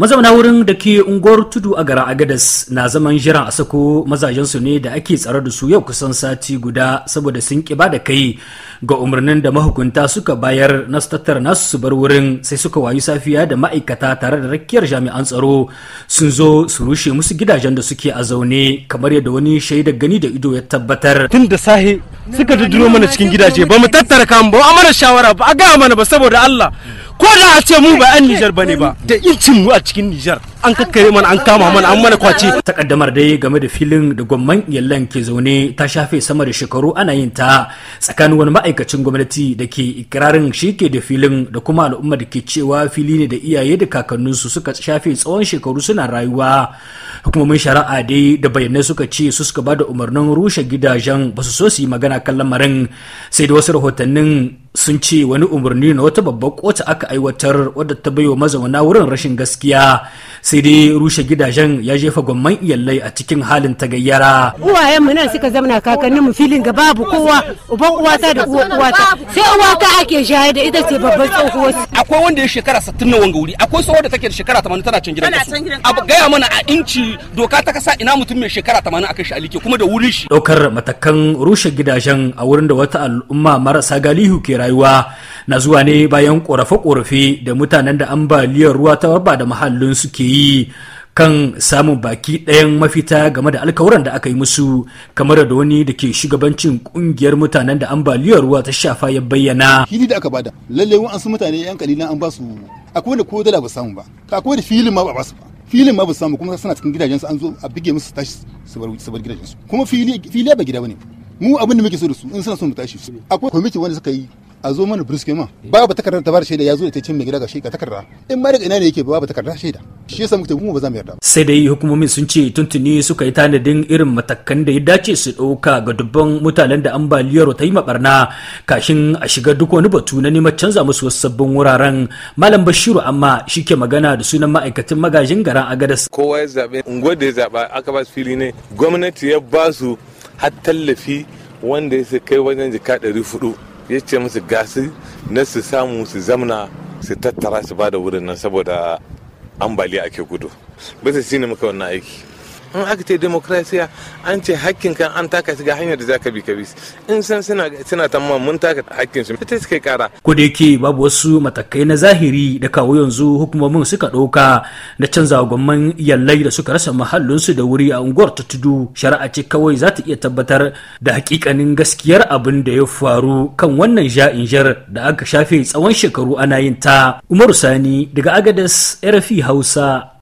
mazauna wurin da ke unguwar tudu a gara agadas na zaman jiran a sako mazajensu ne da ake tsare da su yau kusan sati guda saboda sun kiba da kai ga umarnin da mahukunta suka bayar na stattar nasu su bar wurin sai suka wayi safiya da ma'aikata tare da rakiyar jami'an tsaro sun zo su rushe musu gidajen da suke a zaune kamar yadda wani shaidar gani da ido ya tabbatar tun da sahi suka duduro mana cikin gidaje ba mu tattara kan ba a mana shawara ba a gaya mana ba saboda Allah ko da a ce mu ba 'yan Nijar ba ne ba da incin mu a cikin Nijar an kakkare mana an kama mana an mana kwace takaddamar dai game da filin da gwamman yallan ke zaune ta shafe sama da shekaru ana yin ta tsakanin wani ma'aikacin gwamnati da ke ikirarin shi ke da filin da kuma al'umma da ke cewa fili ne da iyaye da kakanninsu suka shafe tsawon shekaru suna rayuwa hukumomin shari'a dai da bayanai suka ce su suka ba da umarnin rushe gidajen ba su so su yi magana kan lamarin sai da wasu rahotannin sun ce wani umarni na wata babbar kota aka aiwatar wadda ta wa mazauna wurin rashin gaskiya sai dai rushe gidajen ya jefa gwamman iyalai a cikin halin tagayyara uwayen mu nan suka zamana kakannin mu filin ga babu kowa uban uwata da uwa uwata sai uwata ake shaye da ita ce babban tsohuwar akwai wanda ya shekara sittin na wanga wuri akwai tsohuwar da take da shekara tamanin tana can gidan kasu a gaya mana a inci doka ta kasa ina mutum mai shekara a kan shi alike kuma da wurin shi ɗaukar matakan rushe gidajen a wurin da wata al'umma marasa galihu ke rayuwa na zuwa ne bayan ƙorafe-ƙorafe da mutanen da ambaliyar ruwa ta warba da mahallin suke yi kan samun baki ɗayan mafita game da alkawuran da aka yi musu kamar da wani da ke shugabancin kungiyar mutanen da ambaliyar ruwa ta shafa ya bayyana. Hili da aka bada lalle su mutane yan kalilan an basu akwai da ko ba samu ba akwai da filin ma ba su ba filin ma ba samu kuma suna cikin gidajensu an zo a bige musu tashi su bar gidajensu kuma fili fili ba gida bane mu abin da muke so da su in suna son mu tashi akwai kwamiti wanda suka yi a zo mana briske ma babu takardar ta bar shaida ya zo ita ce mai gida ga shi ga takarda in ma daga ina ne yake babu takardar shaida shi yasa muke mu ba za mu yarda sai dai hukumomin sun ce tuntuni suka yi tanadin irin matakan da ya dace su dauka ga dubban mutanen da ambaliyar ta yi mabarna kashin a shiga duk wani batu na neman canza musu wasu sabbin wuraren malam bashiru amma shi ke magana da sunan ma'aikatan magajin garan agadas kowa ya zaɓe unguwar da ya zaɓa aka ba su fili ne gwamnati ya ba su har tallafi wanda ya kai wajen jika 400 ya ce musu gasi na su samu su zamna su tattara su ba da wurin nan saboda ambaliya ake gudu bisa ne muka wannan aiki in aka ce demokrasiya an ce hakkin kan an taka shi hanyar da zaka bi ka bi in san suna suna tamma mun taka hakkin su ta suka kara ko da yake babu wasu matakai na zahiri da kawo yanzu hukumomin suka ɗauka na canza gwamman yallai da suka rasa mahallinsu da wuri a unguwar ta tudu shari'a ce kawai za ta iya tabbatar da hakikanin gaskiyar abin da ya faru kan wannan ja'in jar da aka shafe tsawon shekaru ana yin ta umaru sani daga agadas rfi hausa